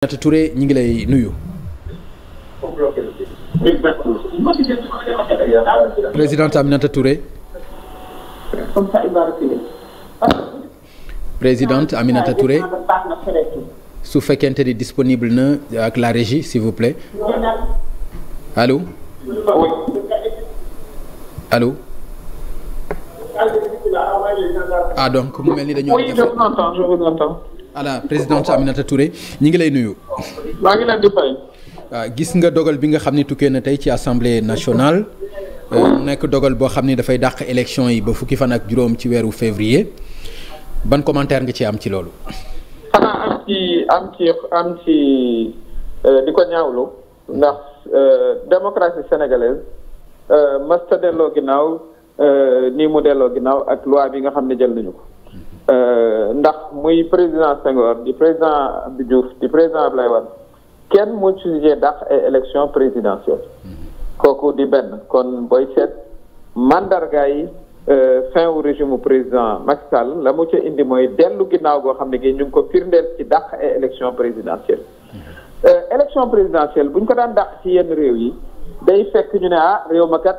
Aminata Touré ñu ngi lay nuyu. présidente Aminata Touré. présidente Aminata Touré. su fekkente ni disponible na ak la régie s'il vous plaît. allo. allo. ah donc mu mel ni dañoo. ala présidente Aminata Touré ñu ngi lay nuyu. maa ngi leen di fay. waaw ah, gis nga dogal bi nga xam ne tukkee na tey ci assemblée nationale. Euh, nekk dogal boo xam ne dafay dàq élection yi ba fukki fan ak juróom ci weeru février ban commentaire nga ci am ci loolu. xanaa am ci am ci am ci euh, di ko ñaawlu ndax euh, démocratie sénégalaise masta delloo ginnaaw nii mu delloo ginnaaw ak loi bi nga xam ne jël nañu ko. Euh, ndax muy président Senghor di président Abdou Diouf di président lay Wade kenn mu ci jugee dàq ay élection présidentielle mhm. kooku di benn kon booy seet mandarga yi euh, fin wu régime président Macky Sall la mu ca indi mooy dellu ginnaaw goo xam ne gi ñu ngi ko firndeel ci dàq ay élection présidentielle mhm. euh, élection présidentielle bu ñu ko daan dàq ci yenn réew yi day fekk ñu ne ah réew ma kat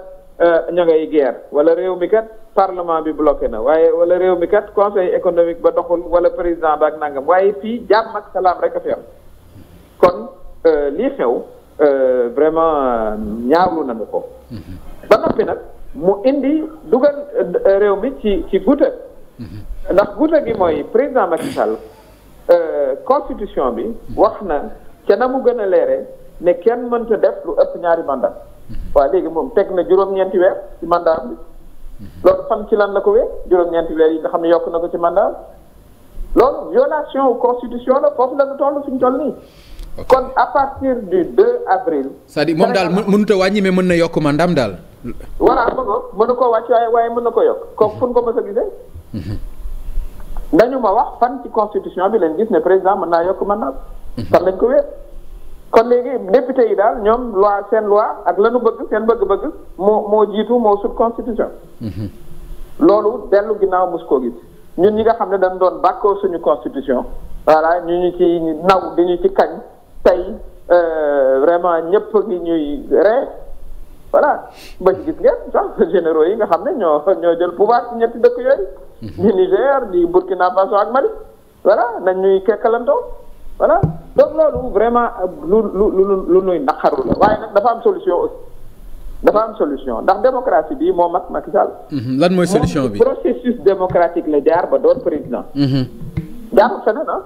ña ngay guerre wala réew mi kat parlement bi bloqué na waaye wala réew mi kat conseil économique ba doxul wala président ba ak nangam waaye fii jàmm ak salaam rek a fi kon euh, lii xew euh, vraiment ñaawlu nañu ko ba noppi nag mu indi dugal euh, réew mi ci ci guuta ndax guuta gi mooy président Macky Sall constitution bi wax na ca na mu gën a leere ne kenn mënta def lu ëpp ñaari mandat waa léegi moom teg na juróom-ñeenti weer ci mandat bi loolu fan ci lan la ko wee juróom-ñeenti weer yi nga xam ne yokk na ko ci mandat loolu violation constitution la foofu la ñu toll fi ñu toll nii. kon à partir du 2 avril. cest di dire moom daal mënut a wàññi mais mën na yokk mandam daal. waa voilà mën na koo wàcc waaye waaye mën na ko yokk ko fu ko ma a gisee. Mhm. dañu ma wax fan ci constitution bi leen gis ne président mën naa yokk mandat. Mhm. fan lañ ko wéer. kon léegi député yi daal ñoom loi seen loi ak lanu bëgg seen bëgg-bëgg moo moo jiitu moo sut constitution mm-hmm. loolu dellu ginnaaw mos koo gis ñun ñi nga xam ne dañ doon bàkkoo suñu constitution voilà ñu ñu ci naw di ñu ci kañ tey euh, vraiment ñëpp ngi ñuy ree voilà ba ci gis ngeen sax généraux yi nga xam ne ñoo ñoo jël pouvoir ci ñetti dëkk yooyu ñu mm-hmm. Niger di Burkina Faso ak Mali voilà nañ ñuy kekkalantoo voilà donc loolu vraiment lu lu lu nuy naqaru la waaye nag dafa am solution aussi dafa am solution ndax démocratie bi moo mag Macky Sall. Mhm. lan mooy solution bi processus démocratique la jaar ba doon président. Mhm. jaarul feneen ah.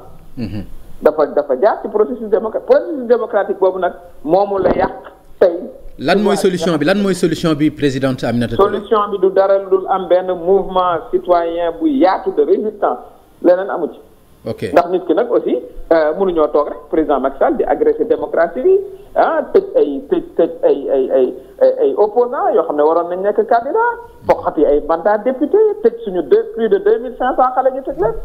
Mhm. dafa dafa jaar ci processus démocratique processus démocratique boobu nag moomu la yàq tey. lan mooy solution bi lan mooy solution bi présidente Aminata Touré. solution bi du dara dul am benn mouvement citoyen bu yaatu de résistance leneen amu ci. ok ndax nit ki nag aussi. Euh, mënuñoo toog rek président Macky Sall di agressé démocratie bi ah tëj ay tëj tëj ay ay opposant yoo xam ne waroon nañ nekk candidat foqati ay mandat député tëj suñu deux plus de deux mille cinq cent xale ñu tëj leen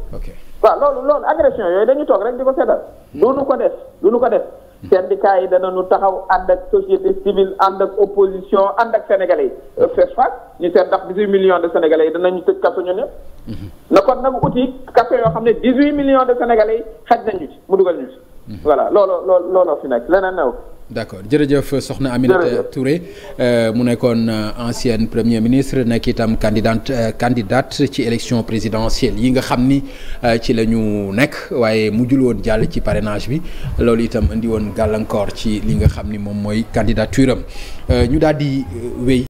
waaw loolu loolu agression yooyu dañu toog rek di ko seetal hmm. duñu ko def duñu ko def hmm. syndicat yi danañu taxaw ànd ak société civile ànd ak opposition ànd ak sénégalais yi face face ñu seet ndax dix-huit de sénégalais yi danañu tëj kaso ñu ñëpp na kon nag uti café yoo xam ne dix huit millions de sénégalais xaj nañu ci mu dugal ñu ci. Mhm. voilà looloo looloo fi nekk leneen new d' accord jërëjëf soxna Aminata Touré euh, mu nekkoon euh, ancienne premier ministre nekk itam candidate euh, candidate ci élection présidentielle yi nga xam ni ci la ñu nekk waaye mu jul woon jàll ci parrainage bi loolu itam indi woon gàllankoor ci li nga xam ni moom mooy candidature ñu daal di